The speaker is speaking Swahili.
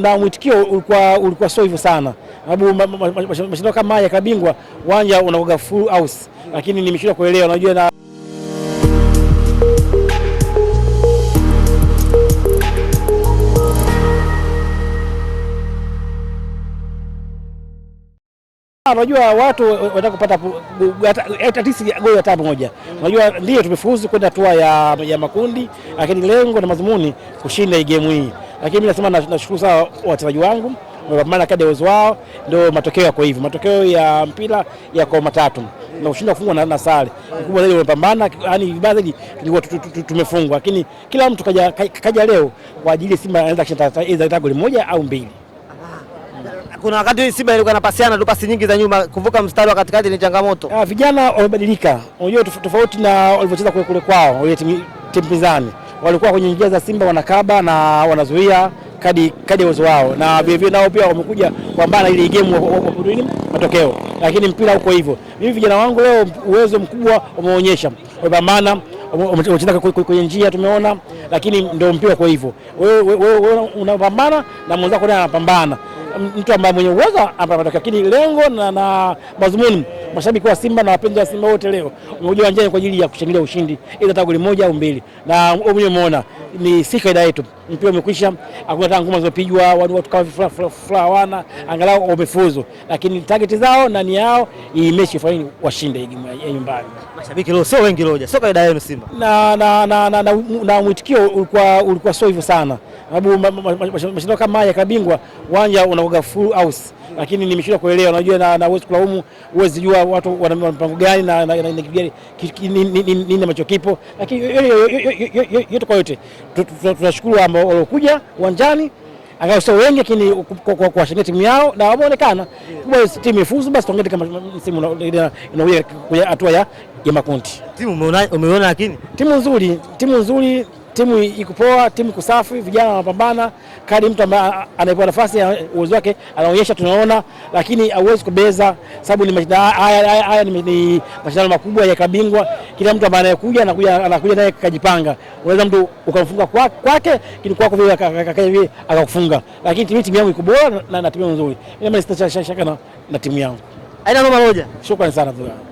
na mwitikio ulikuwa, ulikuwa sio hivyo sana, sababu mashindano kama haya kabingwa uwanja unaoga full house, lakini nimeshindwa kuelewa, unajua na ah, Unajua watu wanataka kupata at least goli hata moja. Unajua ndio tumefuzu kwenda hatua ya, ya makundi, lakini lengo na madhumuni kushinda hii game hii lakini mimi nasema nashukuru sana wachezaji wangu wamepambana kadri ya uwezo wao, ndio matokeo yako hivi. Matokeo ya mpira yako matatu na ushindi kufungwa na, na sare kubwa zaidi wamepambana, yani vibaya zaidi tulikuwa tumefungwa, lakini kila mtu kaja, kaja leo kwa ajili Simba anaweza kushinda goli moja au mbili. Ah, kuna wakati Simba ilikuwa inapasiana tu pasi nyingi za nyuma, kuvuka mstari wa katikati ni changamoto. Ah, vijana wamebadilika, unajua tofauti na walivyocheza kule kule kwao ile timu pinzani walikuwa kwenye njia za Simba wanakaba na wanazuia kadi kadi ya uzo wao, na vilevile nao pia wamekuja kupambana ili game waporuni matokeo, lakini mpira uko hivyo. Mimi vijana wangu leo uwezo mkubwa umeonyesha wamepambana, wamecheza kwenye njia tumeona, lakini ndio mpira uko hivyo. Wewe unapambana na mwenzako naye anapambana, mtu ambaye mwenye uwezo anapata, lakini lengo na, na mazumuni mashabiki wa Simba na wapenzi wa Simba wote leo wamekuja uwanjani kwa ajili ya kushangilia ushindi, ila hata goli moja au mbili, na mwenyewe umeona ni si kaida yetu. Mpira umekwisha, hakuna hata ngoma zilizopigwa, watu kama furaha hawana, angalau wamefuzu, lakini target zao na ni yao hii mechi ifanye washinde hii ya nyumbani. Mashabiki leo sio wengi, loja sio kaida yenu Simba, na na na na, na, na na mwitikio ulikuwa ulikuwa sio hivyo sana, sababu mashindano kama haya kabingwa uwanja unakuwa full house, lakini nimeshindwa kuelewa. Unajua na, na uwezi kulaumu, uwezi jua watu wana mpango gani na nini ambacho kipo, lakini yote kwa yote tunashukuru ambao waliokuja uwanjani angalau sio wengi, lakini kuwashangia timu yao na wameonekana kubwa. Timu ifuzu, basi tuongee kama msimu inakuja hatua ya makundi. Timu umeona, lakini timu nzuri, timu nzuri timu iko poa, timu iko safi, vijana wanapambana, kadi mtu ambaye anaipewa nafasi uwezo wake anaonyesha, tunaona, lakini hauwezi kubeza, sababu ni haya haya ni mashindano makubwa ya kabingwa. Kila mtu ambaye anayekuja anakuja anakuja naye kajipanga, unaweza mtu ukamfunga kwake, kwa kwako vile akakaa vile akakufunga. Lakini timu yangu iko bora na, na timu nzuri, mimi na, na timu yangu. Aina noma moja. Shukrani sana bro.